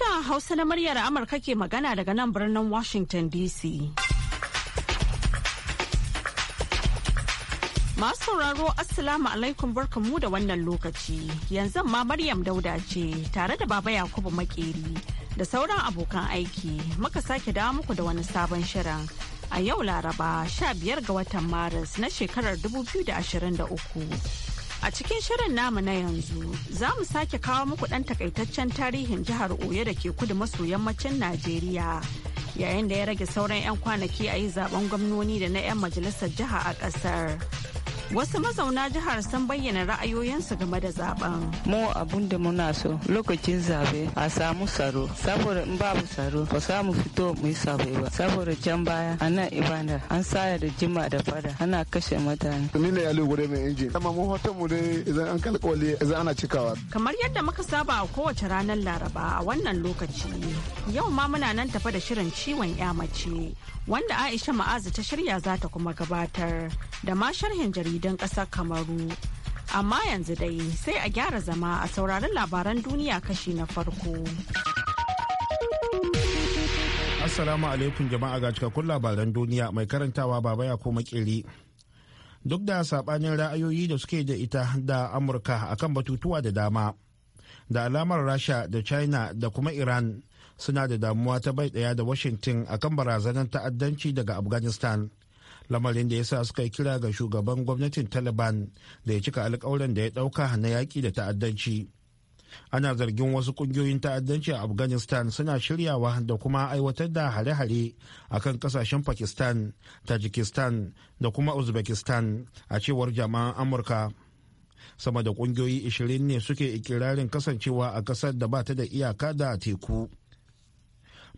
Sashen Hausa na muryar Amurka ke magana daga nan birnin Washington DC. Masu sauraro Assalamu alaikum barkanmu da wannan lokaci. Yanzu ma Maryam Dauda ce tare da Baba Yakubu Makeri da sauran abokan aiki muka sake dawo muku da wani sabon shirin. A yau Laraba 15 ga watan Maris na shekarar 2023. A cikin shirin namu na yanzu za mu sake kawo muku ɗan takaitaccen tarihin jihar Oyo da ke kudu maso yammacin Najeriya. Yayin da ya rage sauran 'yan kwanaki a yi zaben gwamnoni da na 'yan majalisar jiha a ƙasar. Wasu mazauna jihar sun bayyana ra'ayoyinsu game da zaben. Mu abun da muna so lokacin zabe a samu tsaro saboda in babu tsaro ba samu fito mu yi zabe ba saboda can baya a nan ibada an saya da jima da fada ana kashe mutane. Ni ne yalo gure mai injin. Amma mu hoton mu dai idan an kalkwale idan ana cikawa. Kamar yadda muka saba a kowace ranar Laraba a wannan lokaci yau ma muna nan tafa da shirin ciwon ƴa mace wanda Aisha Ma'azu ta shirya za ta kuma gabatar da ma sharhin jarida jaridan ƙasar Kamaru. Amma yanzu dai sai a gyara zama a sauraron labaran duniya kashi na farko. Assalamu alaikum jama'a ga cikakkun labaran duniya mai karantawa baba ya koma kiri. Duk da sabanin ra'ayoyi da suke da ita da Amurka akan batutuwa da dama. Da alamar Rasha da China da kuma Iran suna da damuwa ta bai daya da Washington akan barazanar ta'addanci daga Afghanistan. lamarin da ya sa suka yi kira ga shugaban gwamnatin taliban da ya cika alkawarin da ya ɗauka na yaƙi da ta'addanci ana zargin wasu ƙungiyoyin ta'addanci a afghanistan suna shiryawa da kuma aiwatar da hare-hare a kan ƙasashen pakistan tajikistan da kuma uzbekistan a cewar jama'an amurka sama da ƙungiyoyi 20 ne suke ikirarin kasancewa a ƙasar da ba ta da iyaka da teku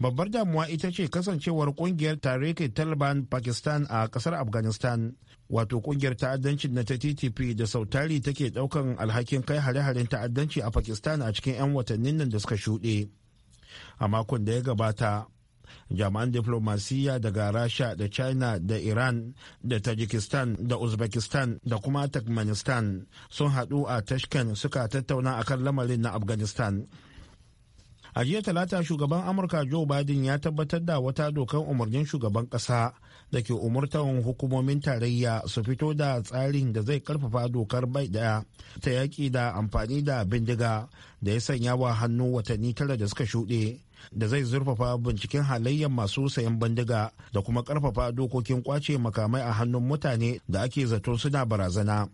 babbar damuwa ita ce kasancewar kungiyar tarihi taliban pakistan a kasar afghanistan wato kungiyar ta'addanci na ta ttp da sautari take daukan alhakin kai hare-haren ta'addanci a pakistan a cikin 'yan watannin nan da suka shuɗe a makon da ya gabata jami'an diflomasiyya daga rasha da china da iran da tajikistan da uzbekistan da kuma turkmenistan sun haɗu a tashkent suka tattauna akan lamarin na afghanistan a jiya talata shugaban amurka joe biden ya tabbatar da wata dokar umarnin shugaban kasa da ke umurtan hukumomin tarayya su fito da tsarin da zai karfafa dokar bai daya ta yaƙi da amfani da bindiga da ya sanya wa hannu watanni tara da suka shuɗe da zai zurfafa binciken halayyar masu sayan bindiga da kuma karfafa dokokin kwace makamai a hannun mutane da ake zato suna barazana.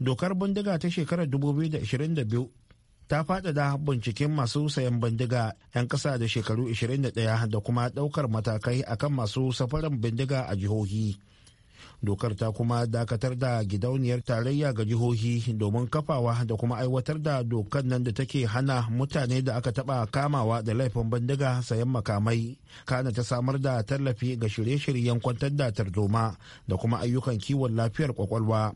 dokar bindiga ta shekarar 2022 ta faɗaɗa binciken masu sayan bindiga 'yan ƙasa da shekaru 21 da kuma ɗaukar matakai akan masu safaran bindiga a jihohi. Dokar ta kuma dakatar da gidauniyar tarayya ga jihohi domin kafawa da kuma aiwatar da dokar nan da take hana mutane da aka taɓa kamawa da laifin bindiga sayan makamai. Kana ta samar da tallafi ga shirye-shiryen kwantar da tarzoma da kuma ayyukan kiwon lafiyar kwakwalwa.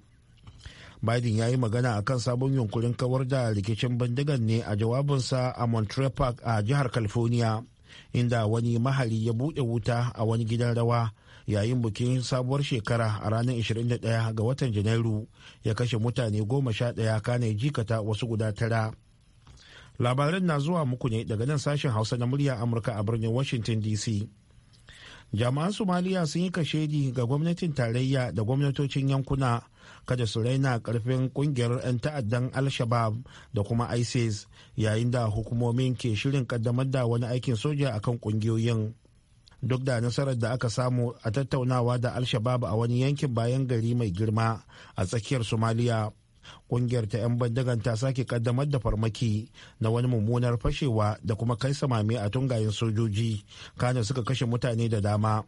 biden ya yi magana a kan sabon yunkurin kawar da rikicin bindigan ne a jawabinsa a montreal park a jihar california inda wani mahari ya buɗe wuta a wani gidan rawa yayin bikin sabuwar shekara a ranar 21 ga watan janairu ya kashe mutane goma sha ɗaya kane jikata wasu guda tara labaran na zuwa muku ne daga nan sashen hausa na murya amurka a birnin washington dc jami'an somaliya sun yi kashedi ga gwamnatin tarayya da gwamnatocin yankuna kada su raina karfin kungiyar 'yan ta'addan al-shabab da kuma isis yayin da hukumomin ke shirin kaddamar da wani aikin soja akan kungiyoyin duk da nasarar da aka samu a tattaunawa da al-shabab a wani yankin bayan gari mai girma a tsakiyar somaliya kungiyar ta 'yan bandagan ta sake kaddamar da farmaki na wani mummunar fashewa da kuma kai samami a tungayen sojoji kana suka kashe mutane da dama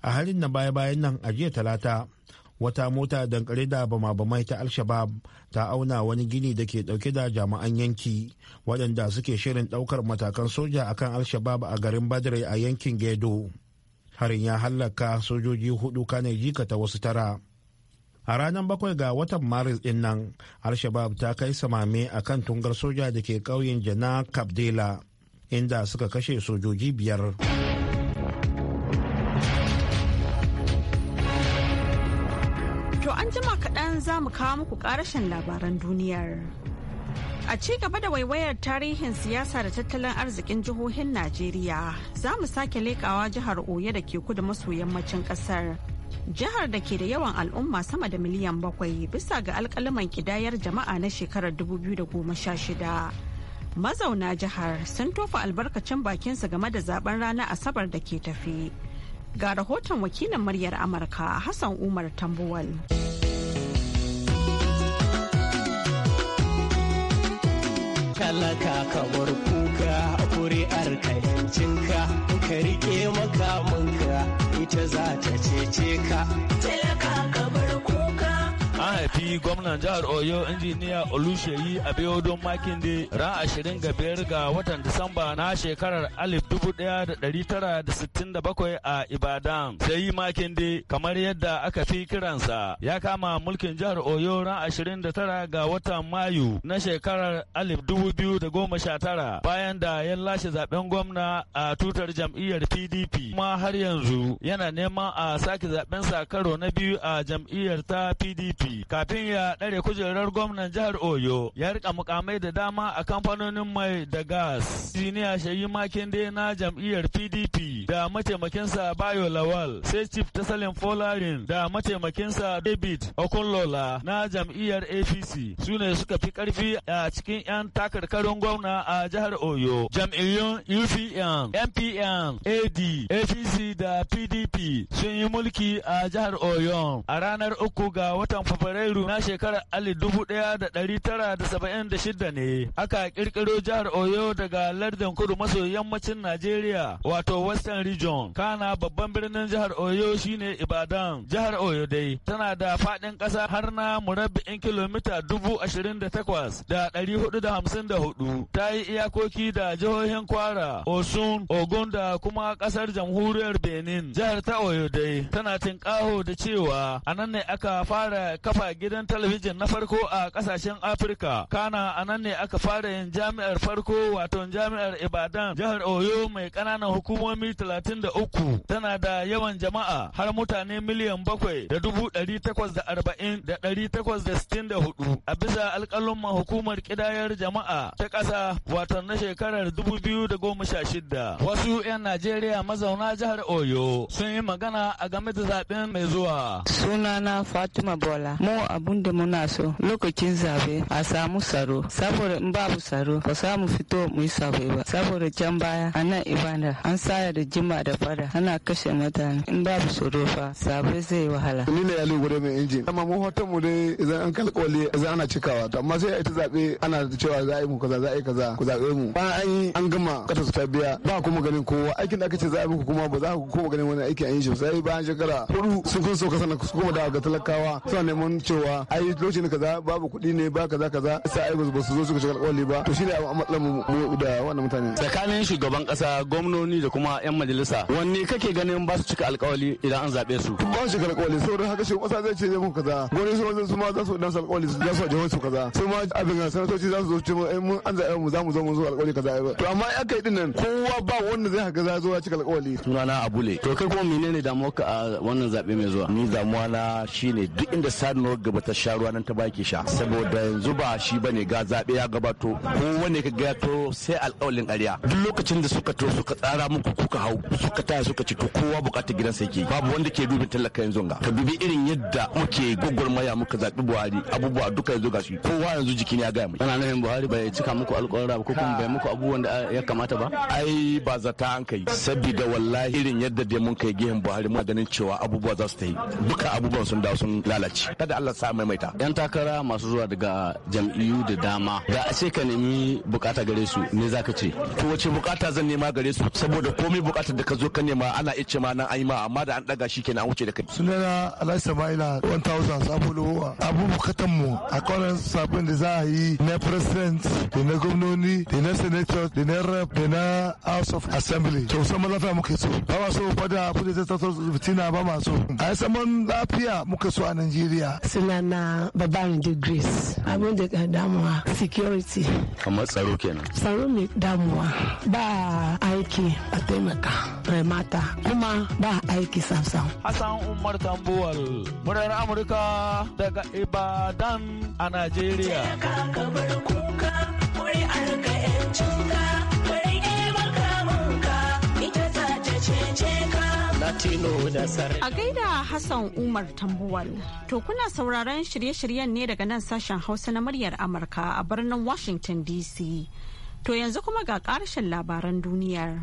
a halin na baya-bayan nan a jiya talata wata mota dankare da bama-bamai ta alshabab ta auna wani gini da ke dauke da jami'an yanki waɗanda suke shirin ɗaukar matakan soja akan alshabab a garin badre a yankin gedo harin ya hallaka sojoji hudu kane ta wasu tara a ranar bakwai ga watan maris din nan al ta kai samame akan tungar soja da ke ƙauyen jana kabdela inda suka kashe sojoji biyar. an jima kaɗan za mu kawo muku ƙarashin labaran duniyar. A ci gaba da waiwayar tarihin siyasa da tattalin arzikin jihohin Najeriya, za mu sake leƙawa jihar oye da ke kudu maso yammacin ƙasar. Jihar da ke da yawan al'umma sama da miliyan bakwai bisa ga alkaliman kidayar jama'a na shekarar 2016. Mazauna jihar sun tofa albarkacin bakinsu game da zaben rana Asabar da ke tafi. Ga rahoton wakilin muryar Amurka Hassan Umar Tambuwal. talaka ka bar kuka a kuri'ar ka ka rike makamanka ita za ta cece ka talaka ka bar haifi gwamnan jihar Oyo injiniya Olusheyi Abiodun Makinde ran ashirin ga biyar ga watan Disamba na shekarar alif dubu da da da tara sittin bakwai a Ibadan. Sai Makinde kamar yadda aka fi kiransa ya kama mulkin jihar Oyo ran ashirin da tara ga watan Mayu na shekarar alif dubu biyu da goma sha tara. bayan da ya lashe zaben gwamna a tutar jam'iyyar PDP kuma har yanzu yana neman a sake zaben sa karo na biyu a jam'iyyar ta PDP. kafin ya ɗare kujerar gwamnan jihar Oyo ya rika mukamai da dama a kamfanonin mai da gas. Siniya Shayi Makinde na jam'iyyar PDP da mataimakinsa Bayo Lawal sai Chief Tasalin Folarin da mataimakinsa David Okunlola na jam'iyyar APC su ne suka fi karfi a cikin 'yan takarkarin gwamna a jihar Oyo. Jam'iyyun UPN, npn. AD, APC da PDP sun yi mulki a jihar Oyo a ranar uku ga watan Fabrairu Fabrairu na shekarar Ali dubu ɗaya da ɗari tara da saba'in da shida ne. Aka ƙirƙiro jihar Oyo daga lardin kudu maso yammacin Najeriya wato Western Region. Kana babban birnin jihar Oyo shine Ibadan. Jihar Oyo dai tana da faɗin ƙasa har na murabbi'in kilomita dubu ashirin da takwas da ɗari hudu da hamsin da hudu. Ta yi iyakoki da jihohin Kwara, Osun, Ogun da kuma ƙasar jamhuriyar Benin. Jihar ta Oyo dai tana tinƙaho da cewa a nan ne aka fara kafa kafa gidan talabijin na farko a kasashen Afirka. Kana a nan ne aka fara yin jami'ar farko wato jami'ar Ibadan jihar Oyo mai ƙananan hukumomi 33 tana da yawan jama'a har mutane miliyan bakwai da dubu ɗari takwas da arba'in da ɗari takwas da sittin da hudu a bisa alƙalin hukumar ƙidayar jama'a ta ƙasa wato na shekarar dubu biyu da goma shida. Wasu 'yan Najeriya mazauna jihar Oyo sun yi magana a game da zaɓen mai zuwa. Sunana Fatima Bola. Mu mu abun da muna so lokacin zabe a samu tsaro saboda in babu tsaro ba samu fito mu yi zabe ba saboda can baya a nan ibada an saya da jima da fada ana kashe mutane in babu tsaro fa zabe zai wahala. Ni ne Ali Gure mai injin. Amma mu hoton mu dai idan an kalkwale idan ana cikawa to amma sai a ita zabe ana cewa za a yi mu kaza za a yi kaza ku zabe mu. Ba an yi an gama kasa su ta biya ba kuma ganin kowa aikin da aka ce za a muku kuma ba za ku kuma ganin wani aiki an yi shi sai bayan shekara hudu sun kun so kasa na kuma da ga talakawa suna neman cewa ai lokacin kaza babu kuɗi ne ba kaza kaza sai ai ba su zo suka shiga alƙawari ba to shine a matsalar mu da wannan mutane tsakanin shugaban kasa gwamnoni da kuma yan majalisa wanne kake ganin ba su cika alƙawari idan an zabe su ba su cika alƙawari saboda haka shugaban kasa zai ce zai muku kaza gwamnoni su ma su ma za su dan alƙawari za su jawo su kaza su ma abin sanatoci za su zo cewa ai mun an zabe mu za mu zo mun zo alƙawari kaza ba to amma aka yi dinnan kowa ba wanda zai haka zai zo ya cika alƙawari sunana abule to kai kuma menene damuwarka a wannan zabe mai zuwa ni damuwa na shine duk inda sadno rawar gaba ta sha ruwa nan ta baki sha saboda yanzu ba shi bane ga zabe ya gabato ko wanne ka ga to sai alƙawalin ƙarya duk lokacin da suka to suka tsara muku kuka hau suka taya suka ci to kowa bukatar gidansa yake babu wanda ke dubin talaka yanzu ga ka dubi irin yadda muke gwagwarmaya muka zaɓi Buhari abubuwa duka yanzu ga shi kowa yanzu jikin ya gaya mai ana nan Buhari bai cika muku alƙawarin ba ko kuma bai muku abubuwan da ya kamata ba ai ba zata an kai saboda wallahi irin yadda dai mun kai gehen Buhari muna ganin cewa abubuwa za su ta yi duka abubuwan sun dawo sun lalace kada Allah sa maimaita yan takara masu zuwa daga jam'iyyu da dama da a ka nemi bukata gare su ne zaka ce to wace bukata zan nema gare su saboda komai bukatar da ka zo ka nema ana ice ma nan an yi ma amma da an daga shi kenan an wuce da kai sunana Alhaji Sama'ila 1000 Abu Bukatan mu a kwanan sabon da za a yi na president da na gwamnoni da na senator da na rep da na house of assembly to saman lafiya muke so ba ma so fada kudi ta tattara fitina ba ma so a yi saman lafiya muke so a Najeriya suna na babarin da grace abin da damuwa security amma tsaro kenan tsaro mai damuwa ba aiki a taimaka remata kuma ba aiki samsam hassan umar tambuwal murar amurka daga ibadan a Nigeria. Latino da A gaida Hassan Umar Tambuwal. To kuna sauraron shirye-shiryen ne daga nan sashen Hausa na muryar Amurka a birnin Washington DC. To yanzu kuma ga ƙarshen labaran duniyar.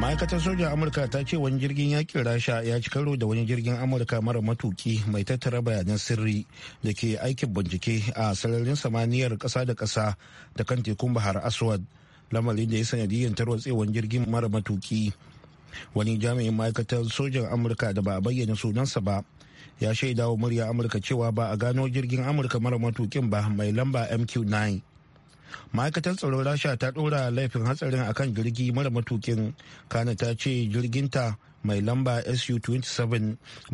ma'aikatar sojan amurka ta ce wani jirgin yakin rasha ya ci karo da wani jirgin amurka mara matuki mai tattara bayanan sirri da ke aikin bincike a sararin samaniyar kasa da kasa da kan tekun bahar aswad lamarin da ya sanadiyyar tarwatsewan jirgin mara matuki wani jami'in ma'aikatar sojan amurka da ba a bayyana sunansa ba ya shaida wa murya amurka cewa ba a gano jirgin amurka mara matukin ba mai lamba mq9 ma'aikatar tsaron rasha ta ɗora laifin hatsarin akan jirgi mara matukin kana ta ce jirginta mai lamba su-27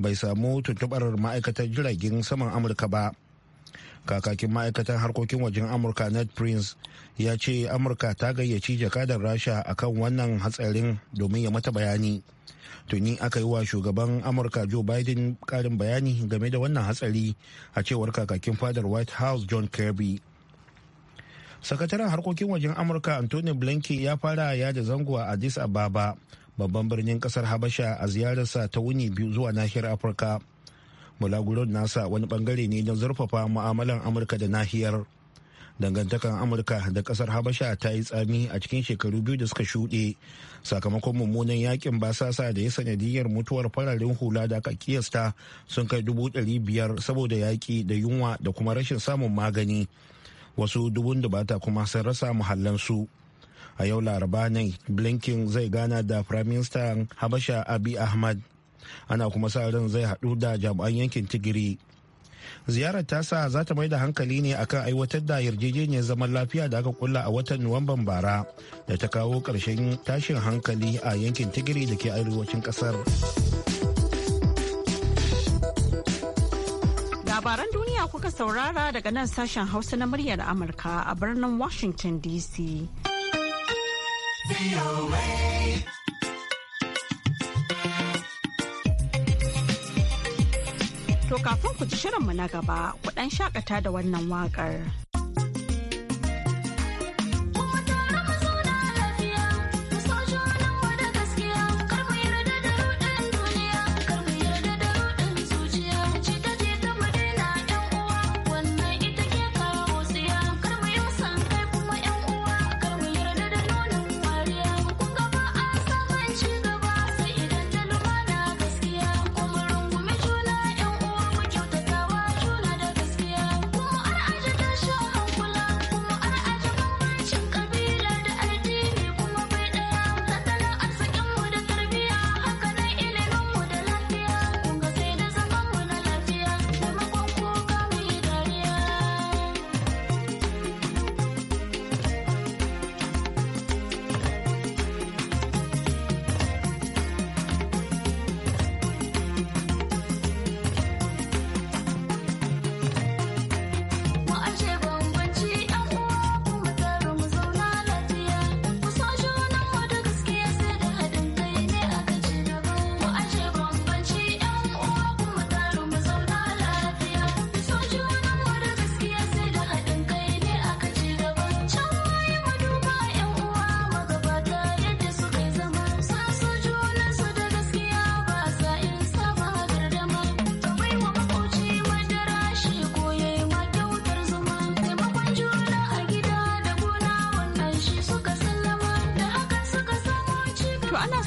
bai samu tuntubar ma'aikatar jiragen saman amurka ba kakakin ma'aikatan harkokin wajen amurka ned prince ya ce amurka ta gayyaci jakadar rasha akan wannan hatsarin domin ya mata bayani tuni aka yi wa shugaban amurka joe biden karin bayani game da wannan hatsari a cewar kakakin fadar white house john kirby sakataren harkokin wajen amurka anthony blinken ya fara yada zango a addis ababa babban birnin kasar habasha a ziyararsa ta wuni biyu zuwa nahiyar afirka mulaguron nasa wani bangare ne don zurfafa mu'amalan amurka da nahiyar dangantakan amurka da kasar habasha ta yi tsami a cikin shekaru biyu da suka shuɗe sakamakon mummunan yakin basasa da ya sanadiyar mutuwar fararen hula da aka kiyasta sun kai dubu ɗari biyar saboda yaƙi da yunwa da kuma rashin samun magani wasu dubun dubata kuma sun rasa muhallansu a yau laraba ne blinken zai gana da firaministan habasha abi ahmad ana kuma sa ran zai haɗu da jami'an yankin tigiri ziyarar sa za ta mai da hankali ne akan aiwatar da yarjejeniyar zaman lafiya da aka kulla a watan nuwamban bara da ta kawo ƙarshen tashin hankali a yankin tigiri da ke arewacin ƙasar labaran duniya kuka saurara daga nan sashen hausa na muryar amurka a birnin washington dc To kafin ku ji shirinmu na gaba, ku ɗan shakata da wannan waƙar.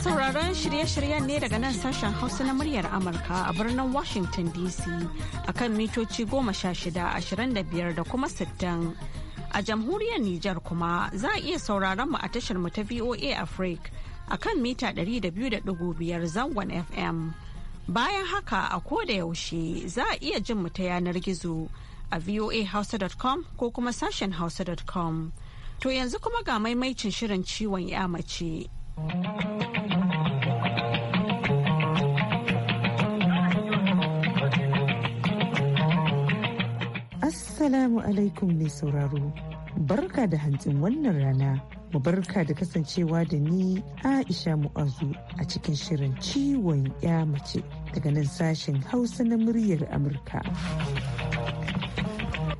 sauraron shirye-shiryen ne daga nan sashen Hausa na muryar Amurka a birnin Washington DC akan mitoci goma sha shida ashirin da biyar da kuma sittin. A jamhuriyar Nijar kuma za a iya sauraron mu a tashar mu ta VOA Africa akan mita 200.5 zangon FM. Bayan haka a koda yaushe za a iya jin mu ta yanar gizo a voahausa.com ko kuma sashen hausa.com. To yanzu kuma ga maimaicin shirin ciwon ya mace. Assalamu alaikum mai sauraro. Barka da hantsin wannan rana. Mu barka da kasancewa da ni Aisha Mu'azu a cikin shirin ciwon ya mace daga nan sashen Hausa na muryar Amurka.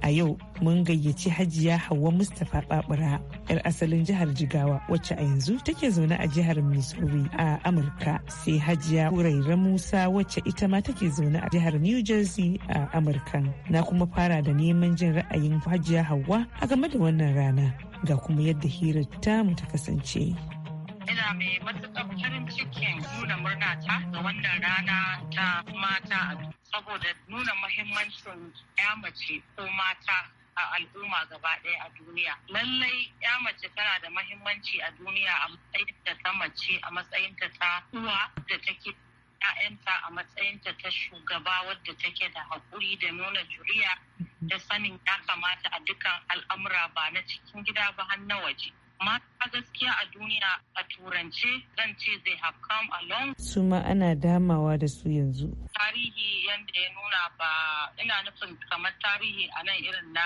A yau mun gayyaci Hajiya Hauwa Mustapha Babura 'yar asalin jihar Jigawa wacce a yanzu take zaune a jihar Missouri a Amurka sai Hajiya Huraira Musa wacce ita ma take zaune a jihar New Jersey a Amurka. Na kuma fara da neman jin ra'ayin Hajiya Hauwa a game da wannan rana ga kuma yadda hirar tamu ta kasance. ina mai matuƙar farin cikin nuna murna ta ga wannan rana ta mata saboda nuna mahimmancin ya mace ko mata a al'umma gaba ɗaya a duniya lallai ya mace tana da mahimmanci a duniya a matsayinta ta mace a matsayinta ta uwa da take ‘ya'yanta a matsayinta ta shugaba wadda take da haƙuri da nuna juriya da sanin ya kamata a dukkan al'amura ba na cikin gida ba har na waje. mata gaskiya a duniya a turance zan ce zai have come along su ana damawa da su yanzu tarihi yadda ya nuna ba ina nufin kamar tarihi a nan irin na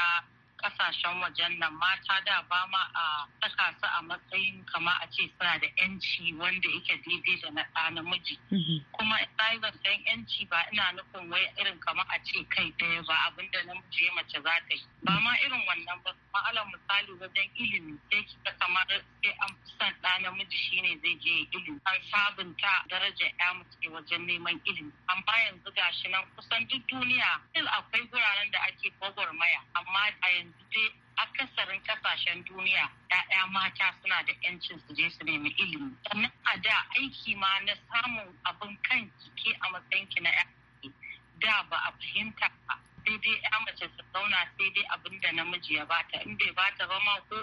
kasashen wajen nan mata da ba ma a saka su a matsayin kama a ce suna da yanci wanda yake daidai da na namiji mhm. kuma ɗaibar san yanci ba ina nufin wai irin kama a ce kai ɗaya ba abinda namiji ya mace za ta yi ba ma irin wannan ba alal misali wajen ilimi sai kika kamar sai an fi son ɗa namiji shine zai je ilimi an sabunta darajar ya mace wajen neman ilimi amma yanzu gashi nan kusan duk duniya still akwai guraren da ake gwagwarmaya amma a yanzu duk akasarin kasashen duniya ‘ya'ya mata suna da ‘yancin su je su nemi ilimi. Sannan a da aiki ma na samun abin kan jiki a matsayin ki na ‘ya'ya da ba a fahimta ba. Sai dai ‘ya mace su zauna sai dai abin da namiji ya bata in bai bata ba ma ko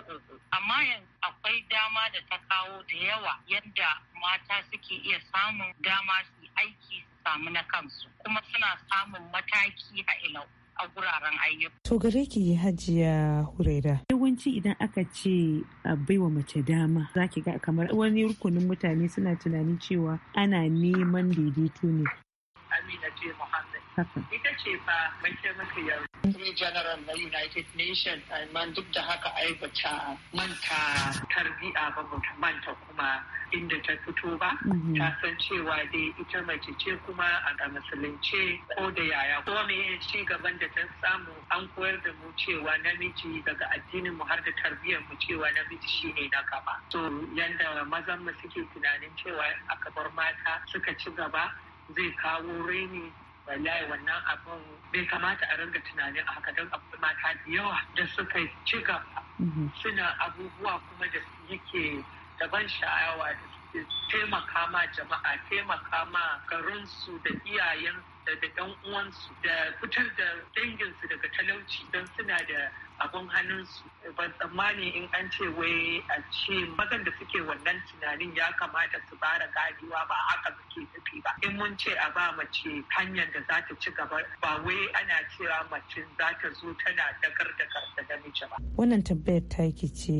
Amma yanzu akwai dama da ta kawo da yawa yadda mata suke iya samun dama su aiki su samu na kansu kuma suna samun mataki a ilau. a guraren ayyuka. To gare ki hajiya huraira. Yawanci idan aka ce a baiwa mace dama za ki ga kamar wani rukunin mutane suna tunanin cewa ana neman daidaito ne. Amina ce Muhammad. Ita ce fa mai maka yau. Ni general na United Nations amma duk da haka aibata manta tarbiya ba bata manta kuma inda ta fito ba. Mm-hmm. Ta san cewa dai ita mace ce kuma a musulunce ko da yaya ko me ci gaban da ta samu an koyar da mu cewa namiji daga addinin mu har da tarbiyyar mu cewa namiji shine na gaba. To yanda mazan mu suke tunanin cewa a kabar mata suka ci gaba zai kawo raini wallahi wannan abin bai kamata a ringa tunanin a haka don abu mata da yawa da suka ci gaba mhm. suna abubuwa kuma da yake da ban sha'awa da suke taimaka ma jama'a taimaka ma garinsu da iyayensu da ɗan uwansu da fitar da danginsu daga talauci don suna da abin hannunsu ban tsammani in an ce wai a ce magan da suke wannan tunanin ya kamata su fara gadiwa ba haka suke tafi ba in mun ce a ba mace hanyar da za ta ci gaba ba wai ana cewa mace za ta zo tana dagar dagar da mace ba wannan tabbayar taki ce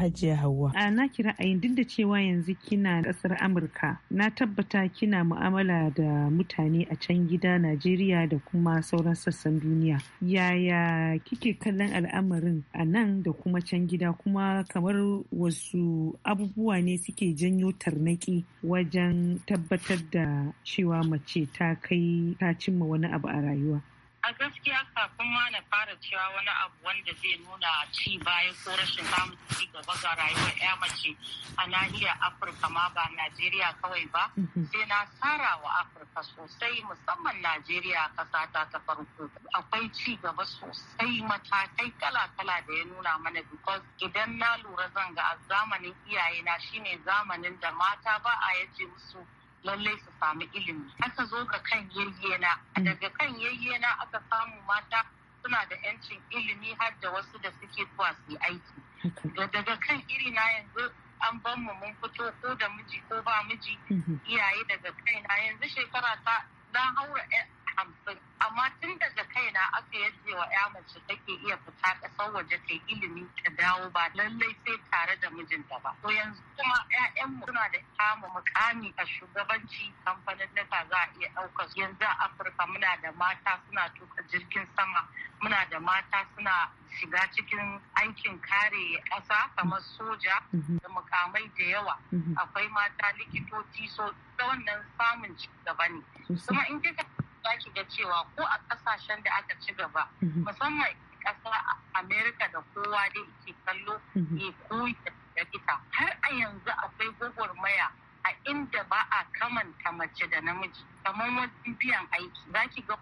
hajiya hawa a na kira ra'ayin duk da cewa yanzu kina ƙasar amurka na tabbata kina mu'amala da mutane a can gida Najeriya da kuma sauran sassan duniya. Yaya kike kallon al'amarin a nan da kuma can gida kuma kamar wasu abubuwa ne suke janyo tarnaki wajen tabbatar da cewa mace ta kai ta cimma wani abu a rayuwa. a gaskiya kafin ma na fara cewa wani abu wanda zai nuna ci baya ko rashin samun ci gaba ga rayuwar ya mace a nahiyar afirka ma ba najeriya kawai ba mhm. sai na tsara wa afirka sosai musamman najeriya kasa ta ta farko akwai ci gaba sosai matakai kala-kala da ya nuna mana because idan na lura zanga a zamanin iyayena shine zamanin da mata ba a yace musu lallai su samu ilimi aka zo ga kan yayyena daga kan yayyena aka samu mata suna da yancin ilimi har da wasu da suke zuwa su aiki daga kan iri na yanzu an ban mu mun fito ko da miji ko ba miji mhm. iyaye daga kai na yanzu shekara ta na haura hamsin amma tun daga kaina aka yadda wa ya mace take iya fita ƙasar waje ta ilimi ta dawo ba lallai sai tare da mijinta ba ko yanzu kuma ƴaƴanmu suna da kama mukami a shugabanci kamfanin nufa za a iya ɗaukar yanzu a afirka muna da mata suna tuka jirgin sama muna da mata suna shiga cikin aikin kare ƙasa kamar soja mm-hmm. da mukamai da yawa mm-hmm. akwai mata likitoci so ta wannan samun ci ne kuma in kika za ga cewa ko a kasashen da aka ci gaba mhm. musamman a amerika da kowa da ke kallo mhm. ya koyi da ita har a yanzu akwai gwagwarmaya a inda ba a kamanta mace da namiji kamar wajen biyan aiki za ki ga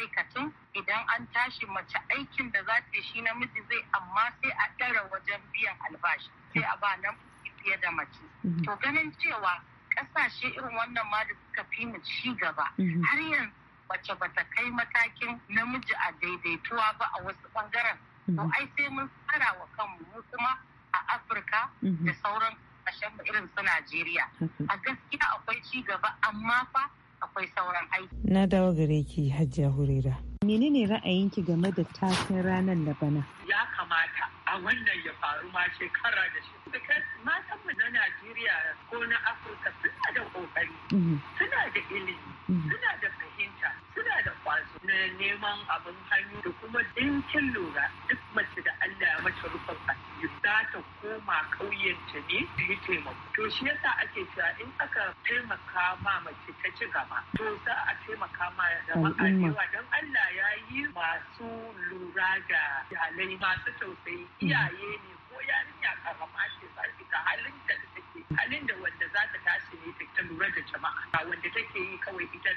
aikatun idan an tashi mace aikin da za ta shi namiji zai amma sai a ɗara wajen biyan albashi sai a ba nan fiye da mace mhm. to ganin cewa ƙasashe irin wannan ma da suka fi mu ci gaba har yanzu mace ba ta kai matakin namiji a daidaituwa ba a wasu bangaren to mhm. ai sai mun fara wa kanmu mu kuma a afirka mhm. da sauran kasashen irin su najeriya a gaskiya akwai ci gaba amma fa akwai sauran aiki na dawo gare ki hajiya hurera menene ra'ayinki game da tafin ranar da bana ya kamata a wannan ya faru ma shekara da shekara matan na Najeriya ko na Afirka suna da kokari mhm. suna da ilimi suna da na neman abin hannu da kuma dinkin lura duk mace da Allah ya mata rufin asiri za ta koma ƙauyenta ne ta yi taimako. To shi yasa ake cewa in aka taimaka ma mace ta ci gaba to za a taimaka ma jama'a yawa don Allah ya yi masu lura da jalai masu tausayi mm. iyaye ne ko yarinya karama ce shi ka halin da take halin da wanda za ta tashi ne ta lura da jama'a wanda take yi kawai ita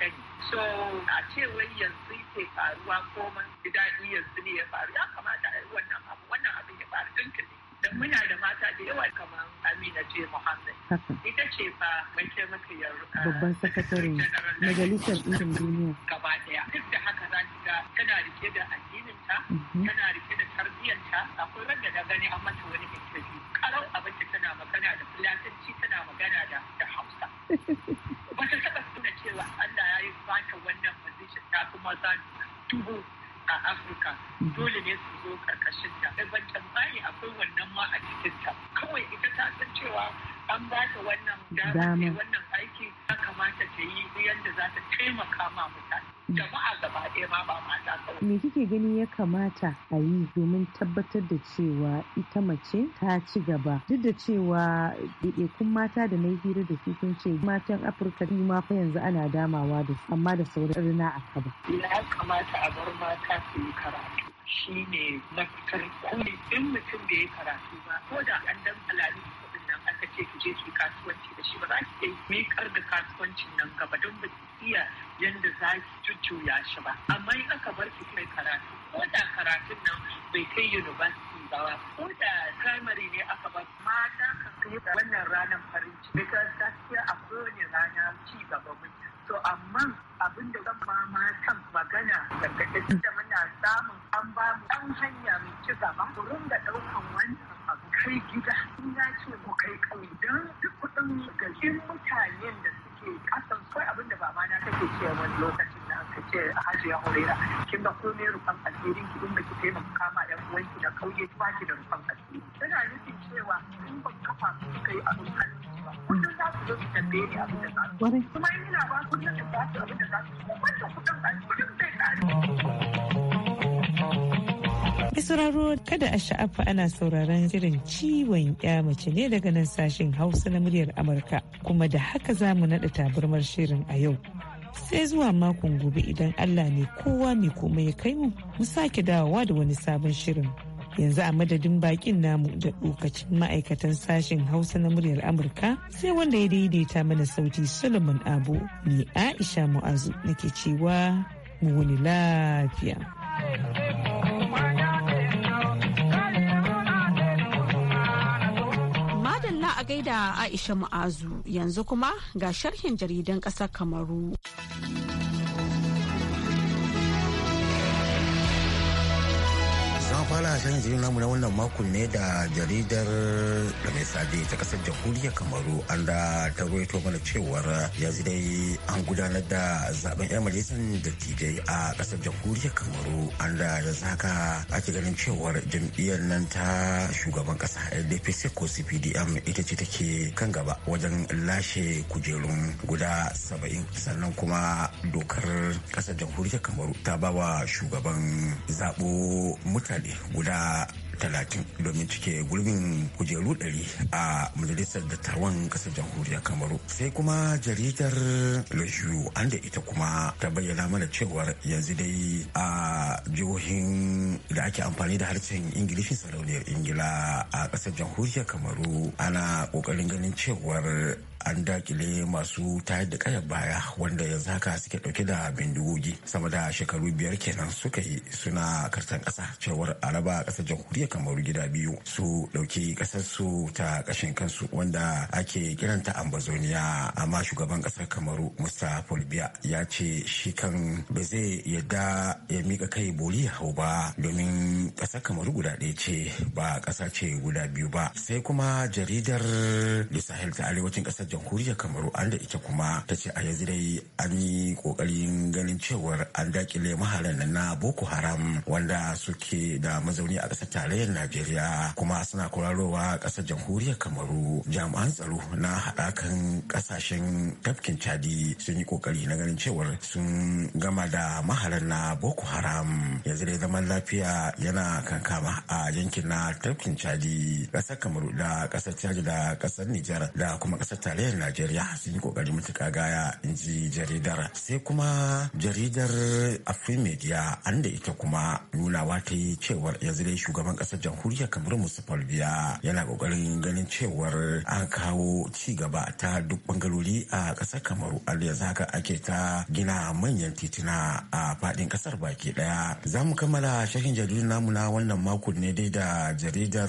so a ce wai yanzu ke faruwa ko man ji daɗi yanzu ne ya faru ya kamata a yi wannan abu wannan abin ya faru tun ne dan muna da mata da yawa kamar Amina ce Muhammad ita ce fa mace maka yar eh, babban sakatare majalisar ɗinkin duniya gaba daya duk da haka za ki ga tana rike da addininta mhm. tana rike da tarbiyyarta akwai ranga da gani an mata wani interview karau abinci tana magana da fulatanci tana magana da Hausa maza dubu a afirka dole ne su zo karkashin ta da ban tambayi akwai wannan ma a cikin ta kawai ita ta san cewa an ba ta wannan dama wannan aiki ya kamata ta yi yadda za ta taimaka ma mutane mm. jama'a gaba ɗaya ma ba mata kawai. Me kike gani ya kamata a yi domin tabbatar da cewa ita mace ta ci gaba duk da cewa ɗaiɗaikun mata da na hira da su sun ce matan Afirka su ma fa yanzu ana damawa da su amma da sauran rina a kaba. Ya kamata a bar mata su yi karatu. Shi ne mafitar kuli in mutum da ya karatu ba ko da an dan alali ce ki je ki kasuwanci da shi ba za ki iya miƙar da kasuwancin nan gaba don ba ki iya yadda za ki jujjuya shi ba amma in aka bar ki kai karatu ko da karatun nan bai kai university ba ko da primary ne aka ba mata kan kai wannan ranar farin ciki because gaskiya a kowane rana ci gaba muke to amma abin da zan ma matan magana daga da muna samun an ba mu ɗan hanya mai ci gaba mu ringa ɗaukan wannan kai gida in ya ce ku kai ƙauye don duk kuɗin gajin mutanen da suke kasan kai abinda da baba na take cewa wani lokacin da aka ce a hajiya horera kin ga komai rufan asirin ki in baki taimaka ma yan uwanki da ƙauye ba ki da rufan asiri tana nufin cewa in ban kafa su suka yi abin hannu ba kullum za su zo su tambaye ni abin da za su kuma ina ba kullum da za su abin da za su kuma sauraro kada a sha'afa ana sauraron jirin ciwon ya mace ne daga nan sashen hausa na muryar amurka kuma da haka za mu naɗa tabarmar shirin a yau sai zuwa makon gobe idan allah ne kowa mai komai ya kai mu mu sake dawowa da wani sabon shirin yanzu a madadin bakin namu da lokacin ma'aikatan sashen hausa na muryar amurka sai wanda ya daidaita mana sauti solomon abu ni aisha mu'azu nake cewa mu wani lafiya. gaida Aisha Mu'azu yanzu kuma ga sharhin jaridan ƙasar Kamaru. fara shan jirin namu na wannan makon ne da jaridar da mai sade ta kasar jamhuriyar kamaru an da ta roito mana cewar yanzu dai an gudanar da zaben yan majalisar dattijai a kasar jamhuriyar kamaru an da yanzu haka ake ganin cewar jam'iyyar nan ta shugaban kasa ldpc ko cpdm ita ce take kan gaba wajen lashe kujerun guda saba'in sannan kuma dokar kasar jamhuriyar kamaru ta ba wa shugaban zaɓo mutane guda talatin domin cike gurbin kujeru ɗari a majalisar dattawan ƙasar jamhuriyar kamaru sai kuma jaridar lashu anda ita kuma ta bayyana mana cewar yanzu dai a jihohin da ake amfani da harshen ingilishin sarauniyar ingila a ƙasar jamhuriyar kamaru ana ƙoƙarin ganin cewar an dakile masu tayar da kayar baya wanda yanzu haka suke dauke da bindigogi sama da shekaru biyar kenan suka yi suna kartan kasa cewar araba kasar jamhuriyar kamaru gida biyu su dauki kasar su ta kashin kansu wanda ake kiranta ambazoniya amma shugaban kasar kamaru musta fulbiya ya ce shi kan ba zai yadda ya mika kai bori hau ba domin kasar kamaru guda ɗaya ce ba kasa ce guda biyu ba sai kuma jaridar da sahel ta arewacin kasar jamhuriyar kamaru an da ita kuma ta ce a yanzu dai an yi kokarin ganin cewar an dakile maharan na boko haram wanda suke da mazauni a ƙasar tarayyar najeriya kuma suna kwararowa ƙasar jamhuriyar kamaru jami'an tsaro na haɗakan ƙasashen tafkin chadi sun yi kokari na ganin cewar sun gama da maharan na boko haram yanzu dai zaman lafiya yana kankama a yankin na tafkin chadi ƙasar kamaru da ƙasar chadi da ƙasar nijar da kuma ƙasar tarayyar najeriya sun yi kokari matuka gaya in ji jaridar sai kuma jaridar Media an da ita kuma nunawa ta yi cewar yanzu dai shugaban kasar jamhuriyar kamar musu falbiya yana kokarin ganin cewar an kawo ci gaba ta duk bangarori a kasar kamaru al yanzu haka ake ta gina manyan tituna a fadin kasar baki daya za mu kammala shahin jaridar namu na wannan makon ne dai da jaridar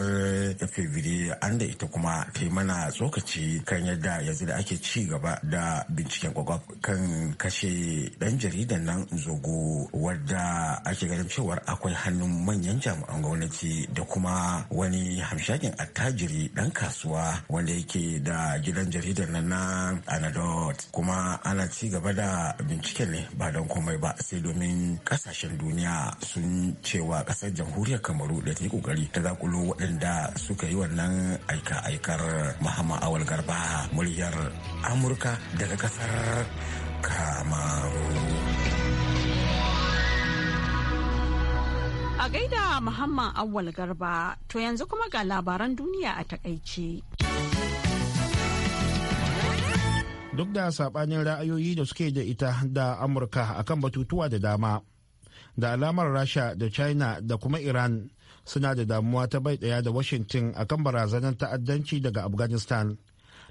fevri an da ita kuma ta yi mana tsokaci kan yadda yanzu da ake ci gaba da binciken kwakwaf kan kashe dan jaridan nan zogo wadda ake ganin cewar akwai hannun manyan jami'an gwamnati da kuma wani hamshakin attajiri dan kasuwa wanda yake da gidan jaridar nan na anadot kuma ana ci gaba da binciken ne ba don komai ba sai domin kasashen duniya sun cewa kasar jamhuriyar kamaru da ta yi kokari ta zakulo waɗanda suka yi wannan aika-aikar mahama awal garba muryar amurka daga kasar kamaru a gaida muhammad awwal garba to yanzu kuma ga labaran duniya a takaice duk da sabanin ra'ayoyi da suke da ita da amurka akan batutuwa da dama da alamar rasha da china da kuma iran suna da damuwa ta bai daya da washington akan barazanar ta'addanci daga afghanistan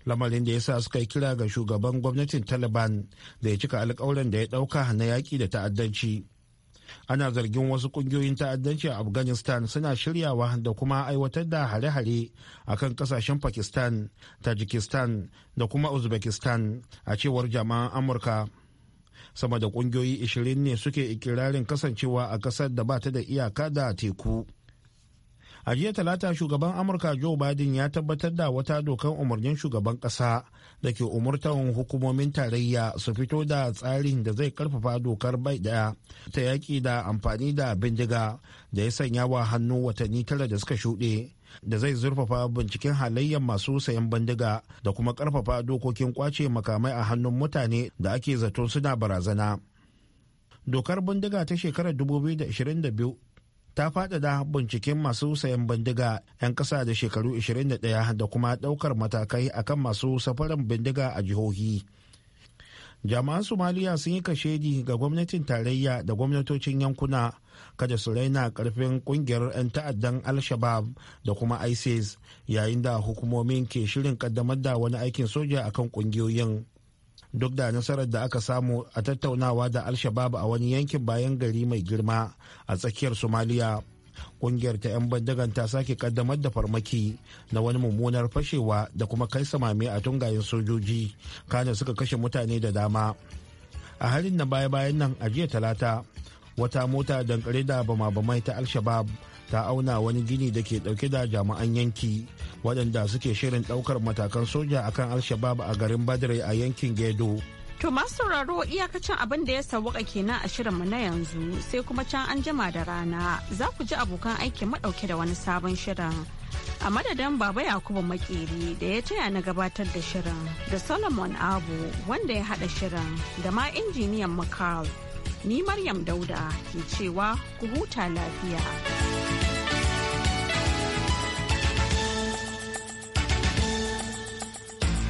lamarin da ya sa suka yi kira ga shugaban gwamnatin taliban da ya cika alkawarin da ya ɗauka na yaƙi da ta'addanci ana zargin wasu ƙungiyoyin ta'addanci a afghanistan suna shiryawa da kuma aiwatar da hare-hare a kan ƙasashen pakistan tajikistan da kuma uzbekistan a cewar jama'an amurka sama da ƙungiyoyi 20 ne suke ikirarin kasancewa a ƙasar da ba ta da iyaka da teku a jiya talata shugaban amurka joe biden ya tabbatar da wata dokan umarnin shugaban kasa da ke umurtan hukumomin tarayya su fito da tsarin da zai karfafa dokar bai daya ta yaki da amfani da bindiga da ya sanya wa hannu watanni tara da suka shuɗe da zai zurfafa binciken halayyar masu sayan bindiga da kuma karfafa dokokin kwace makamai a hannun mutane da ake zato suna barazana dokar bindiga ta shekarar 2022 ta faɗaɗa binciken masu sayan bindiga 'yan ƙasa da shekaru 21 da kuma ɗaukar matakai akan masu safarin bindiga a jihohi. Jama'an Somaliya sun yi kashedi ga gwamnatin tarayya da gwamnatocin yankuna kada su raina karfin kungiyar 'yan ta'addan al-shabab da kuma isis yayin da hukumomin ke shirin kaddamar da wani aikin soja akan kungiyoyin. duk da nasarar da aka samu a tattaunawa da Alshabab a wani yankin bayan gari mai girma a tsakiyar somaliya kungiyar ta 'yan bandagan ta sake kaddamar da farmaki na wani mummunar fashewa da kuma kai samame a tungayen sojoji kana suka kashe mutane da dama a halin na baya-bayan nan a jiya talata wata mota dankare da bama-bamai ta Alshabab. ta auna wani gini da ke dauke da jami'an yanki waɗanda suke shirin ɗaukar matakan soja akan al-shabab a garin badre a yankin gedo to masu sauraro iyakacin abin da ya sauwaka kenan a shirinmu na yanzu sai kuma can an jima da rana za ku ji abokan aiki maɗauke da wani sabon shirin a madadin baba yakubu makeri da ya taya na gabatar da shirin da solomon abu wanda ya haɗa shirin da ma injiniyan makal ni maryam dauda ke cewa ku huta lafiya